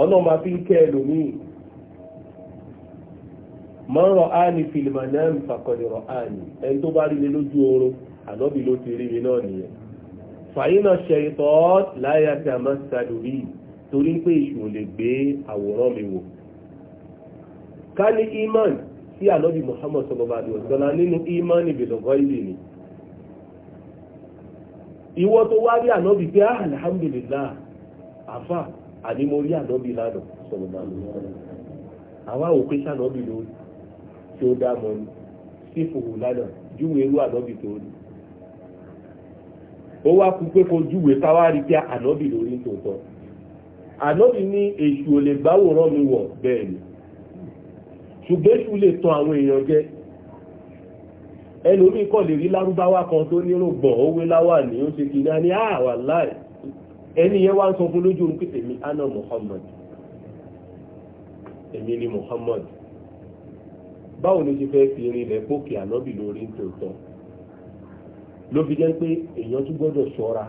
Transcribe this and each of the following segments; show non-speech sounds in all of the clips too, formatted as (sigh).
ọlọ́run máa fi ń kẹ́ ẹlòmíì mọ́rọ̀ áàní fìlìmọ̀ náà ń fàkọ̀dẹ̀rọ̀ áàní ẹni tó bá rí mi lójú oorun ànábì ló ti rí mi náà nìyẹn fàyínà ṣẹ̀tọ́ láyà tí a máa ṣàlùrí torí pé èṣù ò lè gbé àwòrán mi wò ká ní iman sí ànábì Muhammad sọlọ́bà àdìọ̀ sọlá nínú iman ìbìlọ̀gọ́ ìlì ni ìwọ tó wá rí ànábì pé ah, alhamdulillah àfà àní mo rí ànábì lánàá sọ̀rọ̀ máa lò sọ́nà àwa ò pé sànábì ló tí ó dá mọ́ ni sífòhù lánàá júwe irú ànábì tó rí ó wá kú pé kó júwe táwa rí pé ànábì ló rí tòótọ́ ànábì ní èṣù ò lè gbáwòrán mi wọ̀ bẹ́ẹ̀ ni ṣùgbọ́n èṣù lè tan àwọn èèyàn jẹ ẹlòmíì kọ́ lè rí lárúbáwá kan tó nírò gbọ̀n ó wé láwà ní ó ṣe kìnnìkan ní àwàláì ah, ẹni yẹn wá ń sọ fún lójú orun pé èmi ana Muhammad èmi ni Muhammad báwo fẹ́ fi rin ilẹ̀ bókè ànábì lórí tòótọ́ ló fi jẹ́ pé èèyàn tún gbọ́dọ̀ ṣọ́ra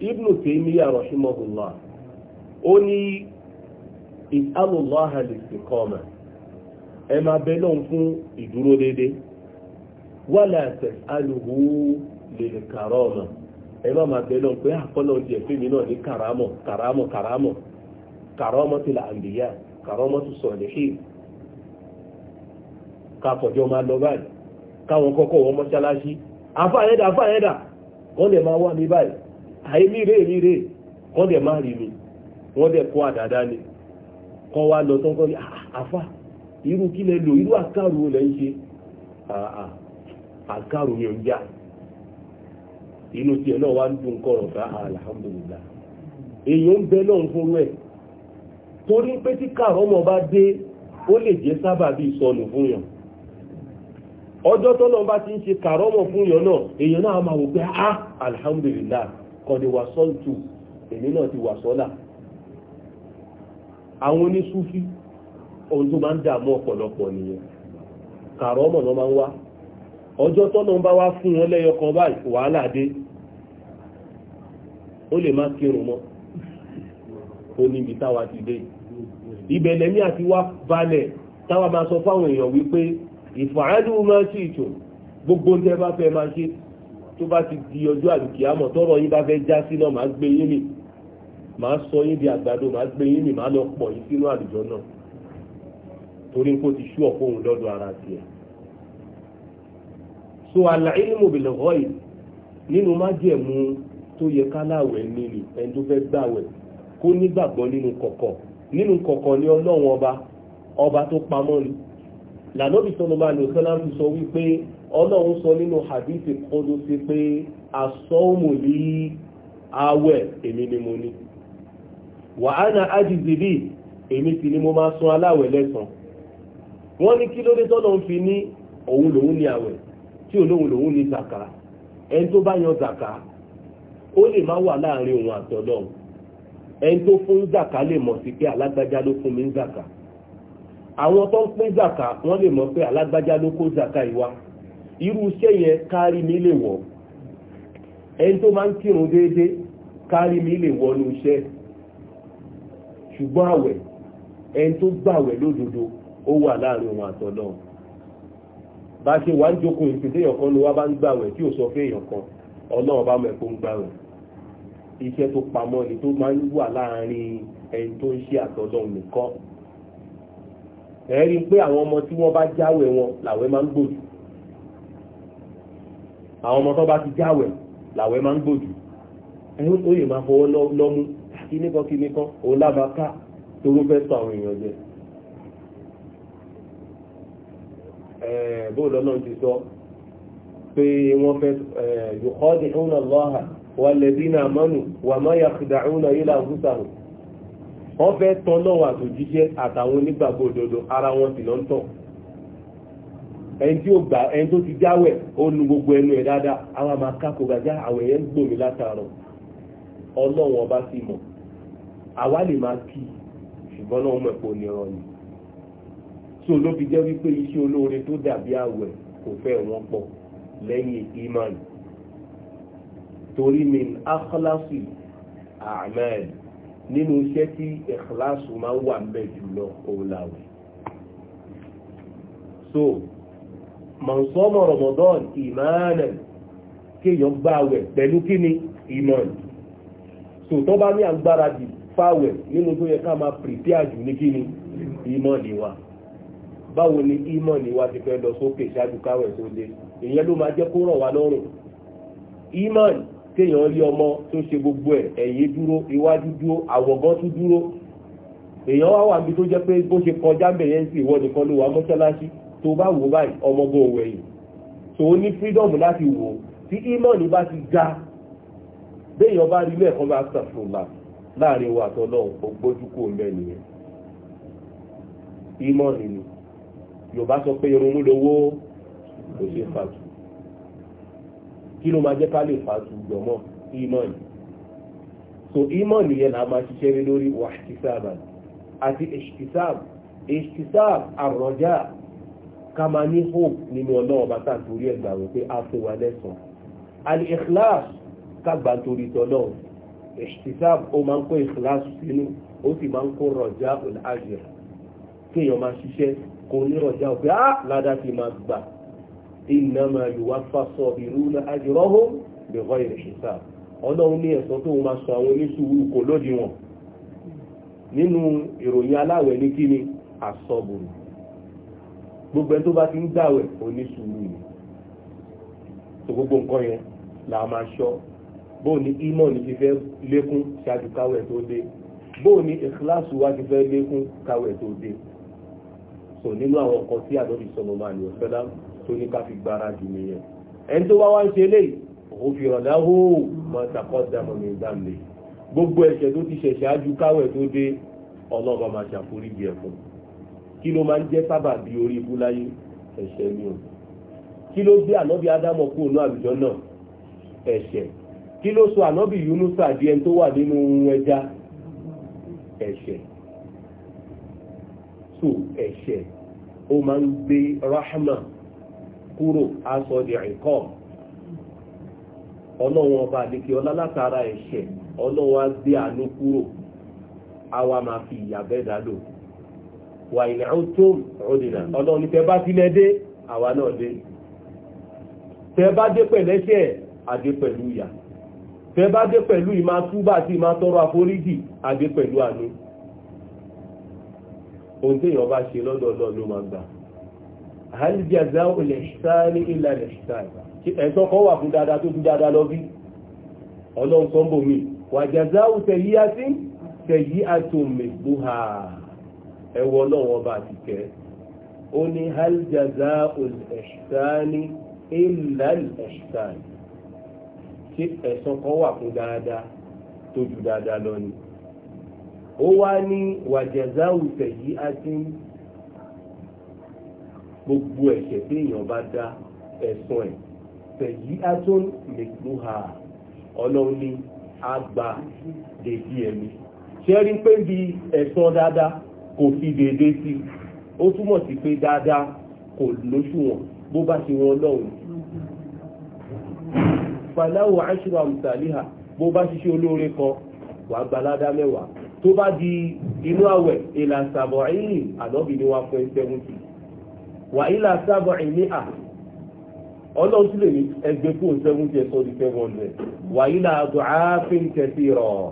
Ibn Taymiyyah rahimahullah ó ní ìsàlùláhà lè sì kọ́mà ẹ máa bẹ lọ́n fún ìdúró déédéé ẹ má máa bẹ́ẹ̀ lọ pé àkọ́lọ́ ah, ti ẹ̀fẹ́ mi náà ní kàrámọ̀ kàrámọ̀ kàrámọ̀ kàrámọ̀ ti là àǹbìyà kàrámọ̀ ti sọ̀lẹ̀ ṣì kakọ̀jọ́ máa lọ báyìí káwọn kọ́kọ́ wọn mọ́ṣáláṣí àfáàyẹ́dà àfáàyẹ́dà wọ́n dẹ̀ máa wá mi báyìí àìmí rèé mi rèé wọ́n dẹ̀ máa rí mi wọ́n dẹ̀ kọ́ àdàdá ni kọ́ wá lọ tán kọ́ ní ah, àfà irú kí lẹ lò irú àkàrù lẹ ń ṣe ah, àkàrù mi ò ń jà inú tiẹ̀ naa wá ń dùn kọ̀rọ̀ ká alhamdulillah èèyàn ń bẹ náà fún rẹ̀ torí pé tí kàrọ́mọ̀ bá dé ó lè jẹ́ sábàbí sọnù fún yàn ọjọ́ tọ́lọ́ bá ti ń ṣe kàrọ́mọ̀ fún yàn náà èèyàn náà máa wò pé ah alhamdulillah kọ́ni wà sọ́ọ̀tù èmi náà ti wà sọ́là àwọn oníṣúfí ohun tó máa ń dààmú ọ̀pọ̀lọpọ̀ nìyẹn kàrọ́mọ̀ náà máa ń wá ọjọ́ tọ́nà ń bá wá fún wọn lẹ́yọ kan báyìí wàhálà dé ó lè má kírun mọ́ ó ní ibi táwa ti dé ibẹ̀ lẹ́mí àti wá balẹ̀ táwa máa sọ fáwọn èèyàn wípé ìfàádùn máa ṣe ìtò gbogbo ń tẹ́ bá fẹ́ máa ṣe tó bá ti di ọjọ́ àlùkìyàmọ̀ tọ́rọ yín bá fẹ́ já sí náà máa gbé yín mi máa sọ yín di àgbàdo máa gbé yín mi máa lọ pọ̀ yín sínú àlùjọ náà torí kó ti ṣú ọ̀pọ̀ òun lọ́dọ̀ ara tiẹ̀ so al-ilmu bil-ghaib nínú májẹ̀mú tó yẹ káláwẹ̀ nílì ẹni tó fẹ́ gbàwẹ̀ kó nígbàgbọ́ nínú kọ̀kọ̀ nínú kọ̀kọ̀ ni ọlọ́run ọba ọba tó pamọ́ ni lànàbì sallallahu alaihi wasallam sọ wípé ọlọ́run sọ nínú hadithi kọ́dọ̀ sí pé as-sawmu li awẹ̀ èmi ni mo ní wa ana ajzi bi èmi sì ni mo máa san aláwẹ̀ lẹ́san wọ́n ní kí ló dé tọ́lọ́ fi ní òun lòun ní àwẹ̀ tí olóhùn lòun ní zaka ẹni tó bá yan zaka ó lè má wà láàrin òun àtọlọ́hun ẹni tó fún zaka lè mọ̀ sí pé alágbájá ló fún mi ń zaka àwọn tó ń pín zaka wọ́n lè mọ̀ pé alágbájá ló kó zaka ìwá irú iṣẹ́ yẹn kárí mi lè wọ̀ ẹni tó máa ń kírun déédéé kárí mi lè wọnú iṣẹ́ ṣùgbọ́n àwẹ̀ ẹni tó gbàwẹ̀ lódodo ó wà láàrin òun àtọlọ́hun bá ṣe wà ń jókòó ìpínlẹ̀ èèyàn kan ló wá bá ń gbàwẹ̀ tí ò sọ fún èèyàn kan ọlọ́run bá mọ̀ ẹ̀kọ́ ń gbàwẹ̀ iṣẹ́ tó pamọ́ ni tó máa ń wà láàárín ẹni tó ń ṣe àtọ́lọ́run nìkan ẹ rí i pé àwọn ọmọ tí wọ́n bá jáwẹ̀ wọn làwẹ̀ máa ń gbòjù àwọn ọmọ tó bá ti jáwẹ̀ làwẹ̀ máa ń gbòjù ẹni tó yè máa fọwọ́ lọ́mú kíníkan kíníkan òun lábàá ká toró fẹ́ sọ àwọn èèyàn jẹ Eh, bóòlù ọlọ́run ti sọ pé wọ́n fẹ́ eh, wa wọn sì lọ ń tàn ara tí ó gbà ẹni tó ti jáwẹ̀ ó nu gbogbo ẹnu ẹ̀ dáadáa àwọn àmà gàjá àwọn èèyàn gbòmí látàrọ̀ ọlọ́run ọba sì mọ̀ máa kí ṣùgbọ́n náà mọ̀ so ló fi jẹ́ wípé iṣẹ́ olóore tó dàbí àwẹ̀ kò fẹ́ wọ́n pọ̀ lẹ́yìn iman torí min akhlasi amal nínú iṣẹ́ tí ikhlasu máa wà mbẹ̀ jùlọ òláwẹ̀ so man soma Ramadan imanan kéèyàn gba àwẹ̀ pẹ̀lú kíni iman so tó bá ní agbára dì fáwẹ̀ nínú tó yẹ ká máa pìrìpíà jù ní kíni iman ni wa. So, báwo ni ìmọ̀ni wa ti fẹ́ lọ sókè ṣáájú káwẹ̀ tó dé ìyẹn ló máa jẹ́ kó rọ̀ wá lọ́rùn ìmọ̀ni kéèyàn rí ọmọ tó ṣe gbogbo ẹ̀ ẹ̀yìn dúró iwájú dúró àwọ̀gán tún dúró èèyàn wá wà níbi tó jẹ́ pé bó ṣe kọjá bẹ̀yẹn sí ìwọ nìkan ló wà mọ́ṣáláṣí tó bá wò báyìí ọmọgbọ́n òwe yìí tó o ní freedom láti wò ó tí ìmọ̀ni bá ti ga béèyàn bá rí lẹ́ẹ̀kan bá ṣàfùlà láàrin wa àtọ́lọ́ ògbójúkú mẹ́niyẹn ìmọ̀ni ni yorùbá sọ pé irun mú lówó kò ṣe fàtú kí ló máa jẹ́ ká lè fàtú gbọ̀mọ́ imọ́ni so imọ́ni yẹn là máa ṣiṣẹ́ rí lórí wàhíkísáàbà àti èṣìkísáàbù èṣìkísáàbù àrọ̀já ká máa ní hope nínú ọlọ́ọ̀bá tàbí ẹgbà rẹ̀ pé a fún wa lẹ́sàn al-ikhlas kágbà torí tọ́lọ́ èṣìkísáàbù ó máa ń kó ikhlas sínú ó sì máa ń kó rọ̀já al kéèyàn máa ṣiṣẹ́ kò nírọ̀já òfin á ah, ládá ti máa gbà iná máa lù wá fásọ ìlú ajrahum bighayri hisab ọlọ́run ní ẹ̀san tó máa sọ àwọn oníṣòwò kò lódì wọn nínú ìròyìn aláwẹ̀ ní kí ni àsọ̀bùrù gbogbo ẹni tó bá ti ń gbàwẹ̀ oníṣòwò ni tó gbogbo nǹkan yẹn là máa ṣọ́ bóun ní ímọ̀ ní ti fẹ́ lékún ṣáájú káwẹ̀ tó dé bóò ni ìkíláàsù wa ti fẹ́ lékún káwẹ̀ tó dé so nínú àwọn ọkọ̀ tí àdọ́bí sọmọ máa ní ọ̀fẹ́lá tó ní ká fi gbára jù nìyẹn ẹni tó wá wá ń ṣe eléyìí òun fi rọ̀dá hóò mọ takọ́dàmọ̀ ní ìdáǹlẹ̀ gbogbo ẹ̀ṣẹ̀ tó ti ṣẹ̀ṣẹ̀ ájú káwẹ̀ tó dé ọlọ́ọ̀bá máa ṣàforíjì ẹ̀ fún kí ló máa ń jẹ́ sábà bí orí ibú láyé ẹ̀ṣẹ̀ ni o kí ló gbé ànábì ádámọ̀ kú òun àlùjọ náà ẹ̀ṣẹ̀ kí ló sọ ànábì yunusa di ẹni tó wà nínú ẹja ẹ̀ṣẹ̀ so ẹ̀ṣẹ̀ ó ma ń gbé rahma kúrò aṣọ di ẹ̀kọ́ ọlọ́wọ́n ọba àdékè ọlá látara ẹ̀ṣẹ̀ ọlọ́wọ́n gbé àánú kúrò àwa máa fi ìyà lò wà ilẹ̀ ó tó ọdìnà ọlọ́run ní tẹ́ bá sílẹ̀ àwa náà dé dé tẹ́ bá dé pẹ̀lú ìmá túbà tí ìmá tọrọ àforíjì àdé pẹ̀lú àánú ohun tí èèyàn bá ṣe lọ́dọ̀ náà ló máa gbà hal jazaa'ul ihsani illa al-ihsan ẹ̀sọ́ kan wà fún dáadáa tó tún dáadáa lọ bí ọlọ́run sọ́mbò mi wa hal jazaa'ul ihsani illa al-ihsan ṣé ẹ̀san kan wà fún dáadáa tó ju dáadáa lọ ni ó wá ní wàjẹ̀záwù tẹ̀yí ájí gbogbo ẹ̀ṣẹ̀ tí èèyàn bá dá ẹ̀san ẹ̀ tẹ̀yí átún mẹ́kúnhà ọlọ́run ní àgbà dèjì ẹ̀mí ṣẹ́rí pé bí ẹ̀san dáadáa kò fi déédéé sí ó túmọ̀ sí pé dáadáa kò lóṣùwọ̀n bó bá ṣe wọn ọlọ́run fàláwọ̀ aṣírò àmùsàlíhà bó bá ṣiṣẹ́ olóore kan wà gbalada mẹ́wàá tó bá di inú àwẹ̀ ìlà sàbọ̀ ẹ̀yìn ànábì ni wà fún seventy wà ìlà sàbọ̀ ẹ̀yìn à ọlọ́run tún lè ní ẹgbẹ́ fún seventy ẹ̀sọ́ di seven hundred wà ìlà àdùn ààfin kẹsì rọ̀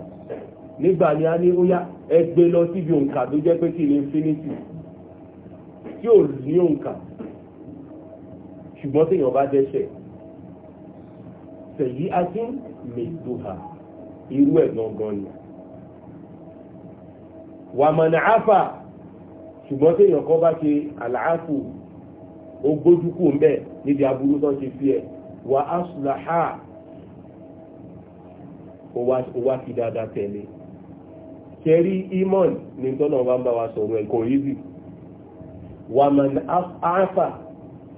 sẹ̀yí ajín mẹ́tòhà irú ẹ̀ gangan ni. wàmọ̀nà áfà ṣùgbọ́n téèyàn kan bá ṣe àlàáfù ó gbójú kù ńbẹ níbi aburú tó ṣe fi ẹ̀ wà á sùlàhà ó wá fi dáadáa tẹ̀lé kẹrí imọ̀n ní tọ́nà bá ń bá wa sọ̀rọ̀ ẹ̀kọ́ yìí wàmọ̀nà áfà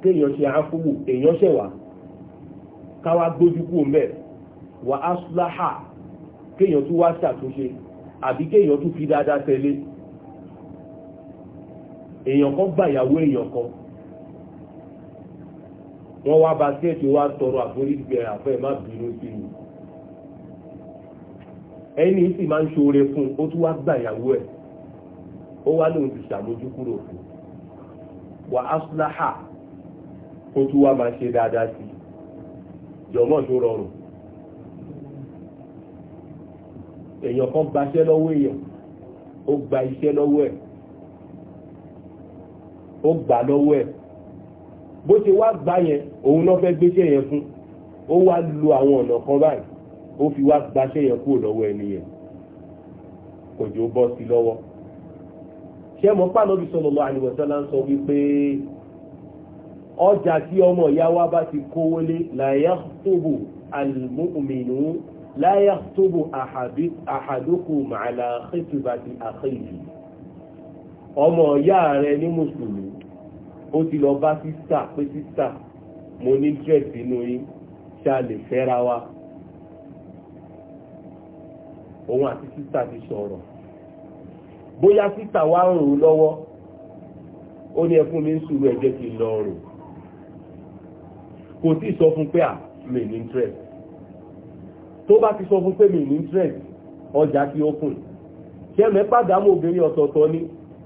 téèyàn ṣe àfúwù èèyàn ṣẹ̀wàá káwá gbójú kúrò mẹ́ wà á súláhà kéèyàn tún wá ṣàtúnṣe àbí kéèyàn tún fi dáadáa tẹ̀lé èèyàn kan gbà ìyàwó èèyàn kan wọ́n wá bá sẹ́ẹ̀tì wá tọrọ àforíjìgbẹ̀rẹ̀ àfẹ́ má bínú sí mi ẹni sì máa ń ṣoore fún un ó tún wá gbà ìyàwó ẹ̀ ó wá lóun ti ṣàmójúkúrò fún wà á súláhà kó tún wá máa ṣe dáadáa sí i jọmọ́ tó rọrùn èèyàn kan gbaṣẹ́ lọ́wọ́ èèyàn ó gba iṣẹ́ lọ́wọ́ ẹ̀ ó gbà lọ́wọ́ ẹ̀ bó ti wá gbà yẹn òun náà fẹ́ gbéṣẹ́ yẹn fún ó wá lo àwọn ọ̀nà kan báyìí ó fi wá gbaṣẹ́ yẹn kúrò lọ́wọ́ ẹni yẹn kò jò bọ́ sí lọ́wọ́ ṣé mo pàlọ́ bí sallallahu alaihi wasallam ń wípé ọjà tí ọmọ ìyá wa bá ti kówó lé la yakhtubu al-mu'minu la yakhtubu ahadukum ala khitbati akhihi ọmọ ìyá rẹ ní mùsùlùmí ó ti lọ bá sísà pé sísà mo ní interest nínú yín ṣá fẹ́ra wa òun àti sísà ti sọ̀rọ̀ bóyá sísà wa ń rò lọ́wọ́ ó ní ẹkún mi ń sùúrù ẹ̀jẹ̀ kí lọ rò kò tí sọ fún pé à ah, mi ní interest tó bá ti sọ fún pé mi ní interest ọjà kí ó kùn ṣẹ́mẹ́ pàdánù obìnrin ọ̀tọ̀ọ̀tọ̀ ni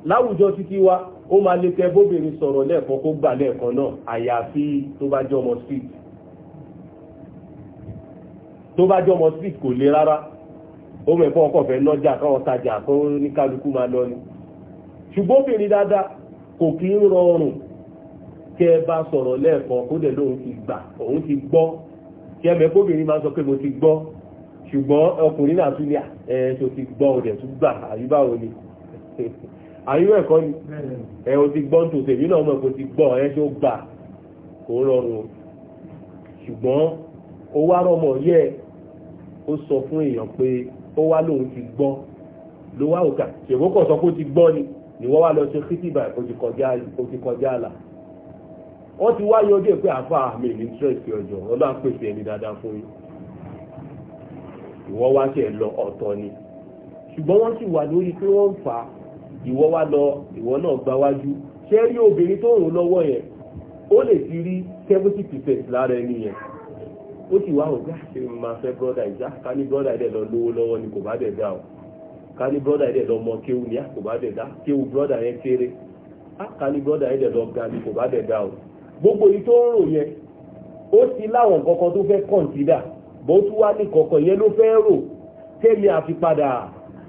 láwùjọ títí wá ó ma lè tẹ bóbìnrin sọ̀rọ̀ lẹ́ẹ̀kan kó gbà lẹ́ẹ̀kan náà àyàfi tó bá jẹ́ street tó bá jẹ́ street kò le rárá ó mẹ́fọ́ ọkọ̀ fẹ́ lọ́jà káwọn tajà kó ní kálukú máa lọ ni ṣùgbọ́n obìnrin dáadáa kò kí ń rọrùn kẹ́ ẹ bá sọ̀rọ̀ lẹ́ẹ̀kan kó dẹ̀ lóun ti gbà òun ti gbọ́ kí ẹ mẹ́kóbìnrin máa sọ pé mo ti gbọ́ ṣùgbọ́n ọkùnrin náà tún ní ẹ tó ti gbọ́ ò dẹ̀ tún gbà àyíbáwo ni (laughs) àyíwẹ̀ ẹ̀kọ́ ni ẹ o ti gbọ́ ń tòṣè mí náà mọ̀ kó ti gbọ́ ẹ tó gbà kó rọrùn ṣùgbọ́n ó wá rọmọ yẹ ó sọ fún èèyàn pé ó wá lóun ti gbọ́ ló wá òkà ṣèwókọ̀ sọ pé ó ti gbọ́ ni ni wọ́n wá lọ ṣe kìtìbà ó ti kọjá àlà wọ́n ti wáyé ọjọ́ ìpé àfá àmì ìrìntírẹ́sì ọjọ́ ọlá ń pèsè ẹni dáadáa fún yín wá sí lọ ọ̀tọ́ ni ṣùgbọ́n wọ́n sì wà lórí pé wọ́n ń fa ìwọ́ wá lọ ìwọ́ náà gba wájú ṣé rí obìnrin tó rùn lọ́wọ́ yẹn ó lè ti rí seventy percent lára ẹni yẹn ó sì wá àti ah, fẹ́ brọ́dà ìjà ah, ká ní brọ́dà o gbogbo yìí tó ń rò yẹn ó ti láwọn kankan tó fẹ́ kọ̀ǹsídà bó tún wá ní kankan yẹn ló fẹ́ rò tẹ́lẹ̀ àfipadà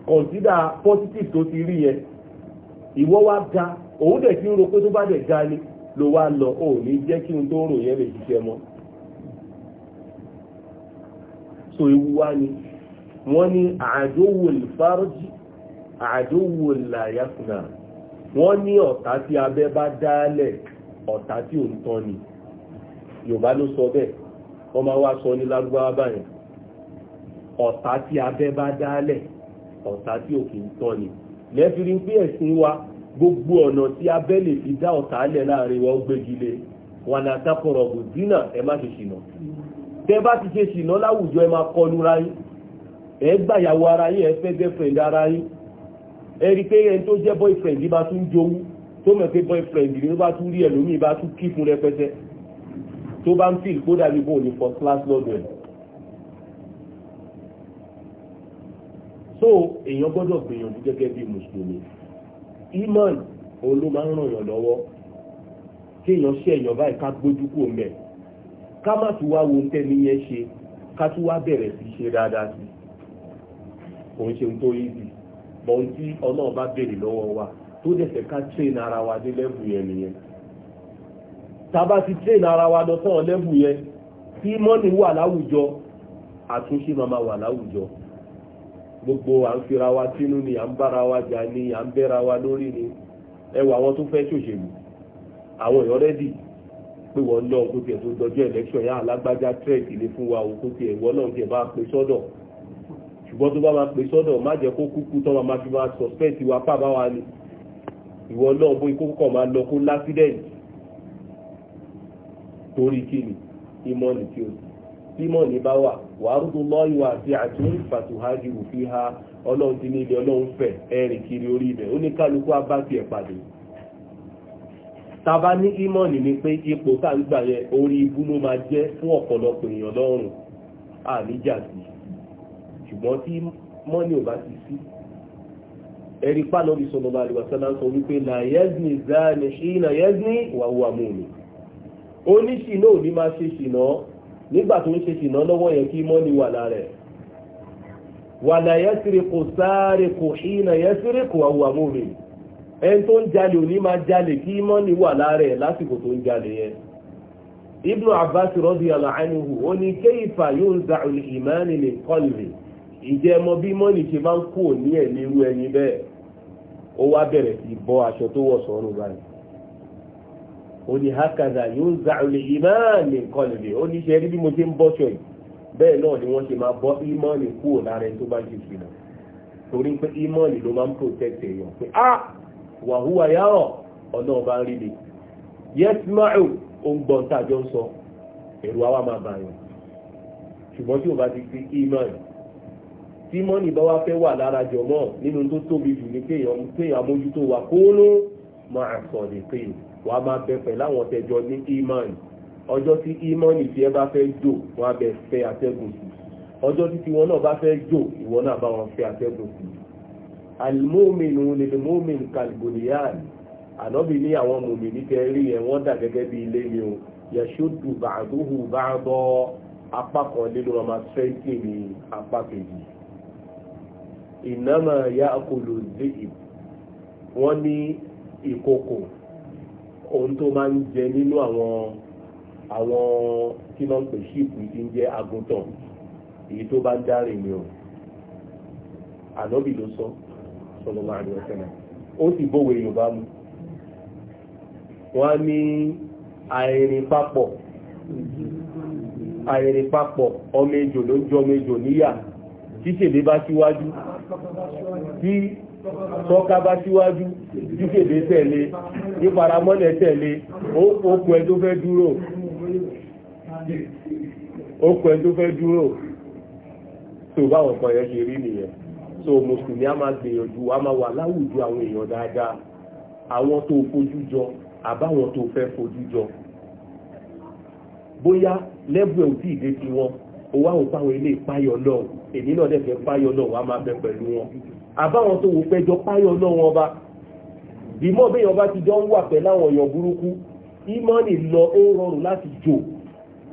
kọ̀ǹsídà positive tó ti rí yẹn ìwọ wá ga òun dẹ̀ ti ń ro pé tó bá dẹ̀ ga ni ló wá lọ ò ní jẹ́ kí n tó rò yẹn lè ṣiṣẹ́ mọ́ so ewu wá ni wọ́n ní àdówò ìfárọ́jì àdówò làyàfúnà wọ́n ní ọ̀tá tí abẹ́ bá dálẹ̀ ọ̀tá tí ò ń tán ni yorùbá ló sọ bẹ́ẹ̀ wọ́n máa sọ ní lárúbáwá báyẹn ọ̀tá tí abẹ́ bá dálẹ̀ ọ̀tá tí ò kì í tán ni lẹ́fìrí pé ẹ̀sìn wa gbogbo ọ̀nà tí abẹ́ lè fi dá ọ̀tá lẹ̀ láàrin wọn gbégi lé wọn là dákọ̀rọ̀ ọ̀gùn dínà ẹ má ṣe ṣìnà tẹ́ bá ti ṣe ṣìnà láwùjọ ẹ máa kọlu ra yín ẹ gbàyàwó ara yín ẹ fẹ́ girlfriend ara yín ẹ rí pé ẹni tó jẹ́ boyfriend bá tún jowú tó mọ̀ pé boyfriend ni ó bá tún rí ẹlòmíì bá tún kí fún rẹpẹtẹ tó bá ń fìl kó dàbí bóun ní first class lọ́dọ̀ ẹ̀. so èèyàn gbọ́dọ̀ gbìyànjú gẹ́gẹ́ bí mùsùlùmí iman òun ló máa ń ràn yàn lọ́wọ́ kéèyàn ṣe èèyàn báyìí ká gbójú kò mẹ́ ká má tún wá wo tẹ́ni yẹn ṣe ká tún wá bẹ̀rẹ̀ sí ṣe dáadáa sí òun ṣe ń tó yí bì mọ̀ ohun tí ọlọ́run bá béèrè lọ́wọ́ wa tó dẹ̀fẹ̀ ká train ara wa dé lẹ́bù yẹn nìyẹn tàbá ti train ara wa lọ sọ́ọ̀ lẹ́bù yẹn tí mọ́nì wà láwùjọ àtúnṣe máa wà láwùjọ gbogbo à ń fira wa sínú ni à ń bára wa jà ni à ń bẹ́ra wa lórí ni ẹwà àwọn tó fẹ́ ṣòṣèlú àwọn èèyàn rẹ́dì pé wọ́n lọ kó tiẹ̀ tó dọjọ́ election yá alágbájá trek ní fún wa òkú tiẹ̀ wọ́n náà tiẹ̀ bá pè sọ́dọ̀ ṣùgbọ́n tó bá máa pè sọ́dọ̀ má jẹ́ kó kúkú tó máa fi máa suspect wa pàbá wa ni ìwọ náà bó ikú kọ̀ máa lọ kó lásídẹ̀ǹtì torí kí ni ìmọ̀nì tí o sì tímọ̀nì bá wà wàárùtù lọ́yìnwá àti àtúnyìn fàtúhájì òfin ha ọlọ́run ti ní ilé ọlọ́run fẹ̀ ẹ̀rìn kiri orí ibẹ̀ ó ní kálukú abáti ẹ̀ pàdé tàbá ní ìmọ̀nì ni pé ipò tá ń gbà yẹn orí ibú ló máa jẹ́ fún ọ̀pọ̀lọpọ̀ èèyàn lọ́rùn àníjà sí ṣùgbọ́n tí mọ́nì ò bá ti sí ẹ̀rí pàlọ́bí sọ̀rọ̀ àlùwà sọ́lá sọ wípé la yazni zani hina yazni wa huwa mu'min oníṣìná ò ní máa ṣe ṣìná nígbà tó ń ṣe ṣìná lọ́wọ́ yẹn kí mọ́ni wà lára ẹ̀ wa la yasriqu sariqu hina yasriqu wa huwa mu'min ẹni tó ń jalè ò ní máa jalè kí mọ́ni wà lára ẹ̀ lásìkò tó ń jalè yẹn ibnu abbas radiyallahu anhu ó ní kayfa yunza'u al-iman min qalbi ìjẹ́ mọ bí mọ́ni ṣe máa ń kú òní ẹ̀ nírú ẹni bẹ́ẹ̀ ó wá bẹ̀rẹ̀ sí bọ́ aṣọ tó wọ̀ sọ́rùn báyìí ó ní hakaza yóò ń zàrù lè ìmáàlì nǹkan lè ó ní ṣe rí bí mo ṣe ń bọ́ṣọ yìí bẹ́ẹ̀ náà ni wọ́n ṣe máa bọ́ ìmọ̀ọ̀lì kúrò lára ẹni tó bá ń ṣe ìṣìnà torí pé ìmọ̀ọ̀lì ló máa ń protect èèyàn pé ah, a wàhúwa yàrá ọ̀nà ọba ń rí ni yẹ́tìmáù ó ń gbọ́n tàjọ́ ń sọ èrò àwa máa bàyàn ṣùgbọ́n tí ò bá ti fi ìmọ̀ọ̀lì tí mọ́nì bá wá fẹ́ wà lára jọ̀mọ́ nínú tó tóbi jù ní kéèyàn mójútó wà kóónú máa sọ̀ lè pè wàá máa bẹ pẹ̀ láwọn tẹjọ ní iman ọjọ́ tí imani tí ẹ bá fẹ́ jò wọn abẹ fẹ́ atẹ́gùn sí ọjọ́ tí tiwọn náà bá fẹ́ jò ìwọ náà bá wọn fẹ́ atẹ́gùn sí. alimomin olèmomin kalgoliyan ànábì ní àwọn mòmìnì tẹ rí ẹ wọn dà gẹ́gẹ́ bí ilé mi o yasodù bàdúhù bàdọ apá kan nínú ọmọ sẹńtì ní apá kejì ìnáma ya akọlù zéyì wọ́n ní ìkòkò ohun tó máa ń jẹ nínú àwọn àwọn tí wọ́n ń pè ṣíìpù tí ń jẹ́ àgùntàn èyí tó bá ń dárìn ni o ànábì ló sọ sọlọ́mọ àdìọ́sẹ́nà ó sì bówe yorùbá mu wọ́n ní àìrìn papọ̀ àìrìn papọ̀ ọmọ ejò ló ń jọ ọmọ ejò níyà títèlé bá síwájú tí tọ́ka bá síwájú tí kèbé tẹ̀lé ní paramọ́lẹ̀ tẹ̀lé okùn ẹ̀ tó fẹ́ dúró okùn ẹ̀ tó fẹ́ dúró tó báwọn kan yẹn ṣe rí nìyẹn so mùsùlùmí a máa gbìyànjú a máa wà láwùjọ àwọn èèyàn dáadáa àwọn tó fojú jọ àbáwọn tó fẹ́ fojú jọ bóyá lẹ́bù ẹ̀ ò tí ì tiwọn owó àwọn òpáwọn ilé ìpáyọ̀ náà èmi náà dẹ̀ fẹ́ páyọ̀ náà wà máa bẹ pẹ̀lú wọn àbáwọn tó wò pẹ́jọ páyọ̀ náà wọn bá bímọ bẹ́ẹ̀ yọba ti jọ ń wà pẹ̀lú àwọn èèyàn burúkú ìmọ̀nì lọ ó rọrùn láti jò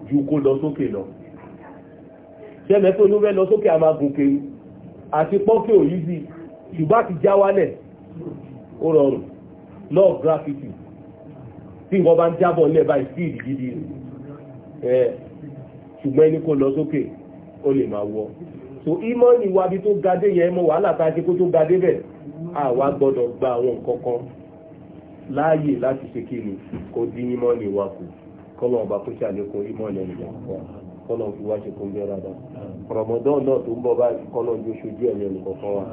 ju kó lọ sókè lọ ṣẹlẹ̀ tó ló fẹ́ lọ sókè àmàgùnkè àti pọ́kì òyí sí ṣùgbọ́n ti já wálẹ̀ ó rọrùn love graffiti tí nǹkan bá ń jábọ̀ lẹ́ẹ̀ báyìí sí ìdí gidi rẹ̀ ṣùgbọ́n ẹni kò lọ sókè ó lè máa wọ so ìmọ̀ọ́nì wa bí tó gadé yẹn mọ wàhálà tá a ṣe kó tó gadé bẹ̀ àwa gbọ́dọ̀ gba àwọn nǹkan kan láàyè láti ṣe kí ni kò dín ìmọ̀ọ́nì wa kù kọ́lọ̀ ọba kó ṣàlékún ìmọ̀ọ́nì ẹni kọ̀ọ̀kan kọ́lọ̀ fi wá ṣe kó ń bẹ́ rárá rọmọdán náà tó ń bọ̀ báyìí kọ́lọ̀ ń jó ṣojú ẹ̀mí ẹni kọ̀ọ̀kan wa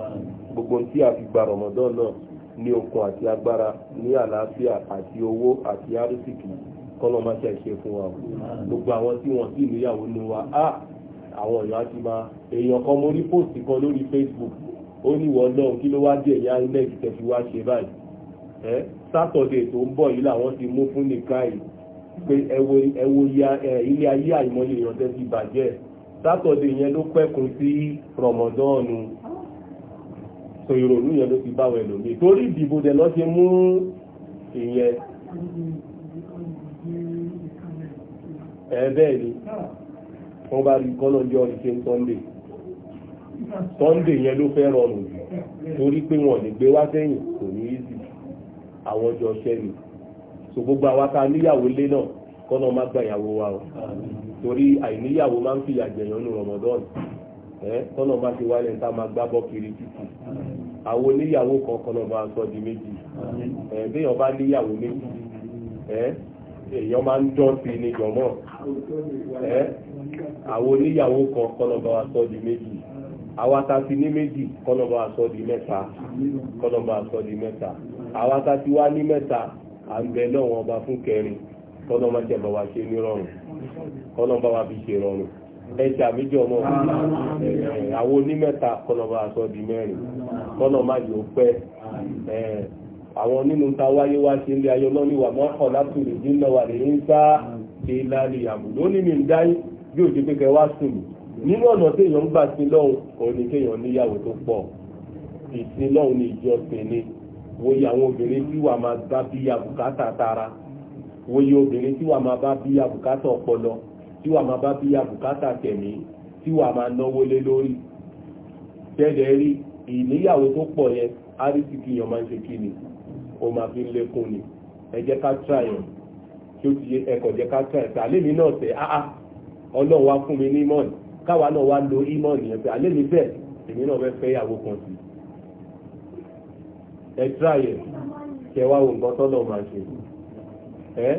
gbogbo tí a fi gba rọmọdán náà ní okun àti agbára ní àlàáfíà àti owó àti àrísìkì kọ́nà máa ṣe ṣe fún wa o gbogbo àwọn tí wọ́n sì níyàwó nu wa á àwọn èèyàn ti máa èèyàn kan mo rí póòsì kan lórí Facebook ó ní ìwọ náà kí ló wá dé ẹ̀yà inec tẹ̀ fi wá ṣe báyìí ẹ sátọ̀dẹ̀ tó ń bọ̀ yìí làwọn ti mú fún nìkan yìí pé ẹ wo ilé ayé àìmọye èèyàn tẹ́ fi bàjẹ́ sátọ̀dẹ̀ yẹn ló pẹ́kun sí rọmọdọ́ọ̀nù so ìrònú yẹn ló ti báwẹ̀ lómi torí ìdìbò dẹ̀ lọ́ ṣe mú ìyẹn ẹ̀ẹ́bẹ́ẹ̀ ni wọ́n bá rí kọ́nà jọ ìṣe yẹn ló fẹ́ rọrùn jù torí pé wọ́n lè gbé wá sẹ́yìn kò ní easy àwọn so gbogbo àwa níyàwó lé náà gba ìyàwó wa o torí àìníyàwó máa ń fìyà jẹ̀yàn ramadan ẹ̀ kọ́nà ti níta máa gbá bọ́ kiri títì àwọn oníyàwó kan kọ́nà sọ di méjì bá níyàwó èèyàn máa ń jọ́ sí ní ẹ́ àwọn oníyàwó kan kọ́nọ̀bà di méjì àwa ti ní méjì sọ di mẹ́ta kọ́nọ̀bà sọ di mẹ́ta àwa ti wá ní mẹ́ta ọba fún kẹrin kọ́nọ̀bà jẹ́ wa ṣe ní wa fi ṣe rọrùn àmìjọ ọmọ àwọn di àwọn nínú ta wáyé wá ṣe ilé ayé ọlọ́ni wà mọ́ ọ̀kọ̀ látò lè dín náà wà lè ń sá ṣe lálẹ́ ìyàbò lónìí mi ń dáyé bí òjò pé kẹ wá sùn nínú ọ̀nà téèyàn ń gbà sí lọ́hùn òun ni kéèyàn níyàwó tó pọ̀ ìsìn lọ́hùn ni ìjọsìn ni wòye àwọn obìnrin tí wà máa bá bí abùkátà tara wòye obìnrin tí wà máa bá bí abùkátà ọpọlọ tí wà máa bá bí abùkátà tẹ̀mí tí wà máa náwó lé lórí tẹ́lẹ̀ rí ìníyàwó tó pọ̀ yẹn árísìkì máa ń ṣe kí ni O ma fi lékún ni ẹ jẹ́ ká try ẹ̀ tí ó ti yé ẹkọ̀ jẹ́ ká try ẹ̀ pé àlẹ́ mi náà tẹ̀ áá ah, ah, ọlọ́run wá fún mi ní ìmọ̀ọ̀nì káwa náà wá lo ìmọ̀ọ̀nì ẹ̀ pé àlẹ́ mi bẹ́ẹ̀ èmi náà fẹ́ fẹ́ ìyàwó kan sí ẹ try ẹ̀ kẹ wá wo nǹkan tọ́lọ̀ máa ṣe ẹ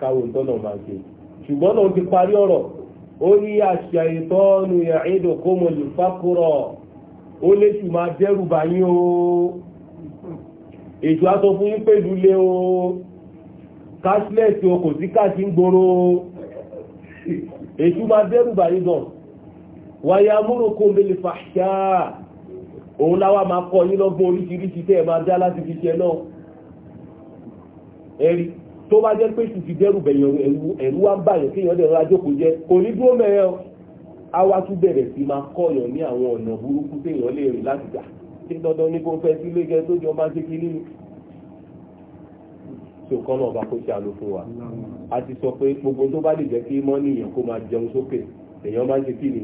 káwo tọ́lọ̀ máa ṣe ṣùgbọ́n náà ti parí ọ̀rọ̀ ó ní àṣà ìtọ́nu ìrìndòkómọ̀lù fákúrọ̀ ó lè ṣù máa dẹ́rù báyìí ooo ètò aṣọ fún yín pẹ̀lú lé o cashless o kò sí káàkiri ń gbòòrò ètò máa dẹ́rù bàyí gan wáyé amúròkó mele fàṣà òun láwa máa kọ́ yín lọ́gbọ́n oríṣiríṣi tẹ́ ẹ máa dá láti fi ṣe náà ẹ̀rí tó bá jẹ́ pé ètò ti dẹ́rù bẹ̀yàn ẹ̀rú wa ń bàyàn kéèyàn tí dandan ní kó fẹ́ sílé gẹ tó jọ máa ń tẹ́kí nínú tí ó kọ́nà ọba kó ṣe àlò fún wa a ti sọ pé gbogbo tó bá lè jẹ́ kí mọ́nì èèyàn kó máa jẹun sókè èèyàn máa ń ṣe kíni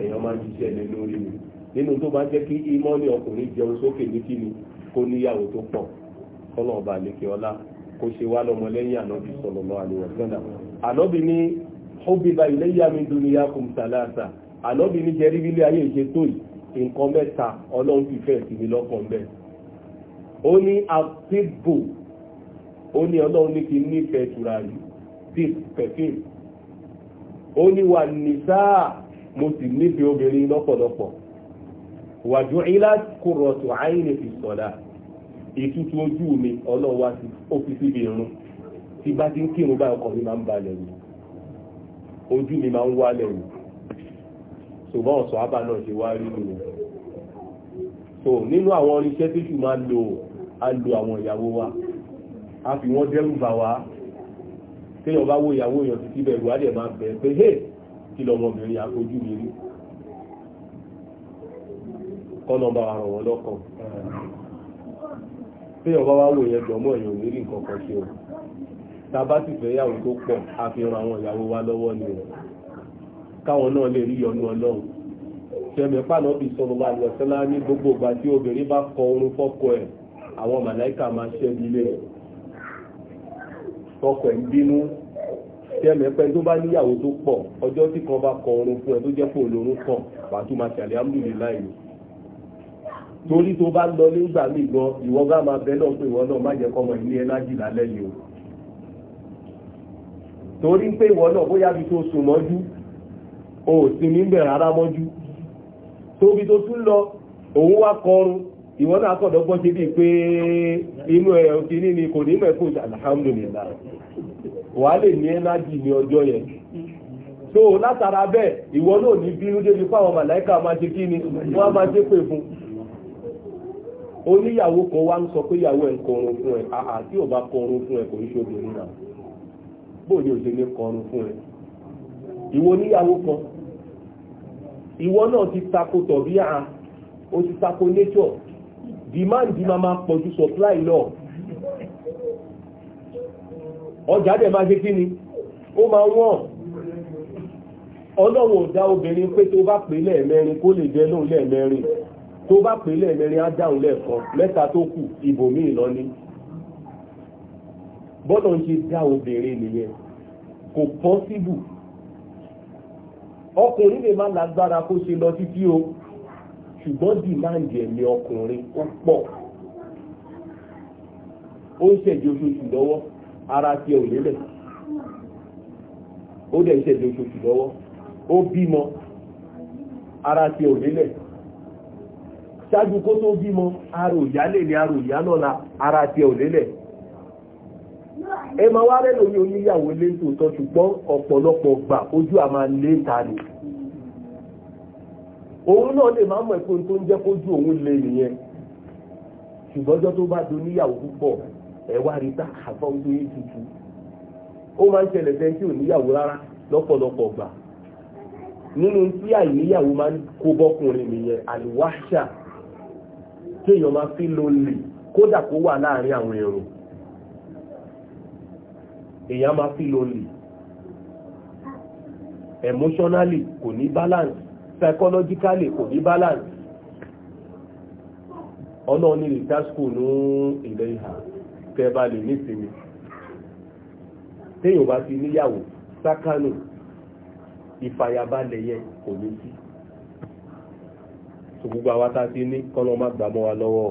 èèyàn máa ń ṣiṣẹ́ lé lórí ni nínú tó bá jẹ́ kí mọ́nì ọkùnrin jẹun sókè ní kíni kó níyàwó tó pọ̀ kọ́nà ọba àlekè ọlá kó ṣe wá lọ́mọlẹ́yìn ànábì sallallahu alaihi wasallam ànábì ní nǹkan mẹ́ta ọlọ́run ti fẹ́ sí mi lọ́kàn bẹ́ẹ̀ ó ní àpébò ó ní ọlọ́run ní kí nífẹ̀ẹ́ tùràrí deep perfume ó ní wà nìsáà mo sì nífẹ̀ẹ́ obìnrin lọ́pọ̀lọpọ̀ wàjú ilá kúrọ̀tù àìní fi sọ̀dá ìtútù ojú mi ọlọ́wà sí ọ́fíìsì bí irun tí bá ti ń kírun báyìí ọkọ̀ mi máa ń balẹ̀ ni ojú mi máa ń wálẹ̀ ni tó bá ọ̀sán àbá náà ṣe wá rí nù so nínú àwọn oníṣẹ́ tó ṣù máa lo a lo àwọn ìyàwó wa a fi wọ́n dẹ́rù bà wá téèyàn bá wo ìyàwó èèyàn títí bẹ̀rù wá dẹ̀ máa bẹ̀ pé hey kí lọmọbìnrin àfojú mi rí kọ́nà bá rọ̀ wọ́n lọ́kàn téèyàn bá wá wò yẹn jọmọ́ èèyàn ò ní rí nǹkan kan ṣe o ta bá a fi ran àwọn ìyàwó wa lọ́wọ́ ni o káwọn náà lè rí yọnu ọlọ́run tẹ̀mẹ̀ pànàbì sọ̀rọ̀ bá lọ sẹ́lá ní gbogbo ìgbà tí obìnrin bá kọ orun fọ́kọ ẹ̀ àwọn màláìkà máa ṣẹ́ nílé ẹ̀ fọ́kọ ẹ̀ ń bínú tẹ̀mẹ̀ pẹ́ tó bá níyàwó tó pọ̀ ọjọ́ tí kan bá kọ orun fún ẹ tó jẹ́ pò lórun kàn wà tó máa ṣàlẹ̀ alhamdulillah torí tó bá lọ nígbà míì gan ìwọ bá máa bẹ náà pé ìwọ náà má jẹ́ kọ́mọ ilé ẹ lálẹ́ yìí o torí pé ìwọ náà bóyá bí tó sùn mọ́jú o ò sí níbẹ̀ rárá mọ́jú tóbi tó tún lọ òun wá kọrun ìwọ náà kọ̀dọ̀gbọ́n ṣe bíi pé inú ẹ̀ òkè ní ni kò ní mẹ́kù alhamdulillah wà á lè ní ní so látara bẹ́ẹ̀ ìwọ náà ní bínú débi fáwọn màláìka máa ṣe kí ni wọ́n á máa ṣe pè fún oníyàwó kan wá ń sọ pé ìyàwó ẹ̀ ń kọrun fún ẹ àà tí ò bá kọrun fún ẹ kò ní náà bóyá ìwọ náà ti tako tọ̀bíà o ti tako nature demand máa máa pọ̀ ju supply lọ ọjà dẹ̀ máa ṣe kí ni ó máa wọ́n ọlọ́run ò dá obìnrin pé tó bá pè lẹ́ẹ̀mẹ́rin kó lè jẹ́ lóun lẹ́ẹ̀mẹ́rin tó bá pè lẹ́ẹ̀mẹ́rin á dáhùn lẹ́ẹ̀kan mẹ́ta tó kù ibòmíì lọ ní bọ́lọ̀ ń ṣe dá obìnrin nìyẹn kò pọ́síbù ọkùnrin lè má lágbára kó ṣe lọ títí o ṣùgbọ́n dìmáàndì ẹ̀mí ọkùnrin ó pọ̀ ó ń ṣẹ̀jẹ̀ oṣooṣù lọ́wọ́ ara ti ẹ̀ ò lélẹ̀ ó dẹ̀ ń ṣẹ̀jẹ̀ oṣooṣù lọ́wọ́ ó bímọ ara ti ẹ̀ ò lélẹ̀ ṣáájú kó tó bímọ ara ò yálè ní ara ò ara ti ẹ̀ ò lélẹ̀ ẹ máa wá rẹ̀ lórí oníyàwó lé tòótọ́ ṣùgbọ́n ọ̀pọ̀lọpọ̀ gbà ojú à máa lé ta ni òun náà lè máa mọ̀ ẹ̀kọ́ tó ń jẹ́ kójú òun lè nìyẹn ṣùgbọ́n tó bá do níyàwó púpọ̀ ẹ wá rí tá àfọ́n tó yé tutù ó máa ń ṣẹlẹ̀ sẹ́ńtì ò níyàwó rárá lọ́pọ̀lọpọ̀ gbà nínú tí àìníyàwó máa ń kó bọ́kùnrin nìyẹn àlùwáṣà kéèyàn máa fi lò lè kódà èèyàn máa fi lonely emotionally kò ní balance psychologically kò ní balance ọlọ́run ní ìta school ní ilẹ̀ ìhà kẹba lè nísinmi téèyàn bá ti níyàwó sákánù ìfàyàbalẹ̀ yẹn kò ní sí tó gbogbo àwa tá ti ní kọ́nà má gbà mọ́ wa lọ́wọ́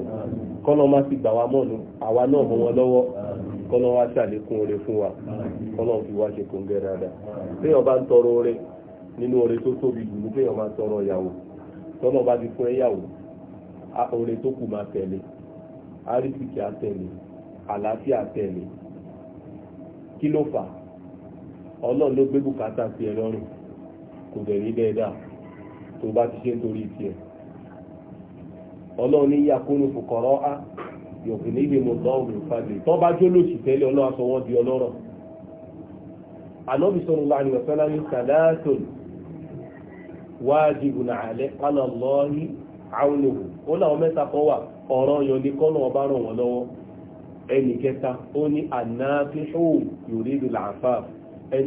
kọ́nà má sì gbà wá mọ́nu àwa náà mọ́ wọn lọ́wọ́ kọ́nà wá ṣàlékún oore fún wa kọ́nà fi wá ṣe kóńgẹ́ dáadáa téèyàn bá ń tọrọ oore nínú oore tó tóbi jù ní téèyàn máa tọrọ ìyàwó tọ́nà bá ti fún ẹ̀yàwó oore tó kù máa tẹ̀lé àtẹ̀lé àlàáfíà àtẹ̀lé kí ló fà ọlọ́run ló gbé bùkátà sí ẹ lọ́rùn kò dẹ̀ ní dẹ́ẹ̀dá tó bá ti ṣe nítorí tiẹ̀ ọlọ́run ní yakunu yòókù ní ìlú mọ̀lọ́wọ́ mi fàdé tó bá jó lóṣù tẹ́lẹ̀ ọlọ́wọ́ sọ wọ́n di ọlọ́rọ̀ ànábì sọ̀rọ̀ láàrin ọ̀sán láàrin sàdáàtòn wáàjì ìbùnà àlẹ́ kánà lọ́ọ́rí àwọn òwò ó láwọn mẹ́ta wà ọ̀rọ̀ yọ ní kọ́nà ọba ràn wọ́n lọ́wọ́ ẹnì kẹta ó ní yòrí ìlú làǹfà ẹni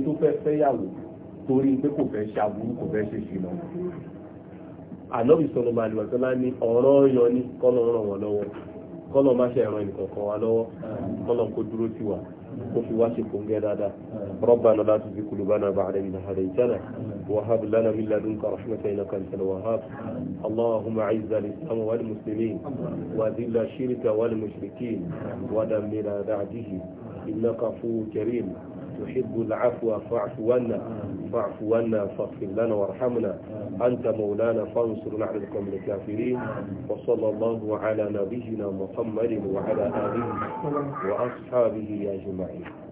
kọ́lọ̀ má ṣe ẹ̀rọ ìkọ̀ọ̀kan wa lọ́wọ́ kọ́lọ̀ kó dúró sí wa kó fi wá ṣe kóńgẹ́ dáadáa ربنا لا تزغ قلوبنا بعد إذ هديتنا وهب لنا من لدنك رحمة إنك أنت الوهاب اللهم أعز الإسلام والمسلمين وذل الشرك والمشركين ودمر أعداءه إنك عفو كريم تحب العفو فاعف عنا فاعف عنا فاغفر لنا وارحمنا أنت مولانا فانصرنا على القوم الكافرين وصلى الله على نبينا محمد وعلى آله وأصحابه أجمعين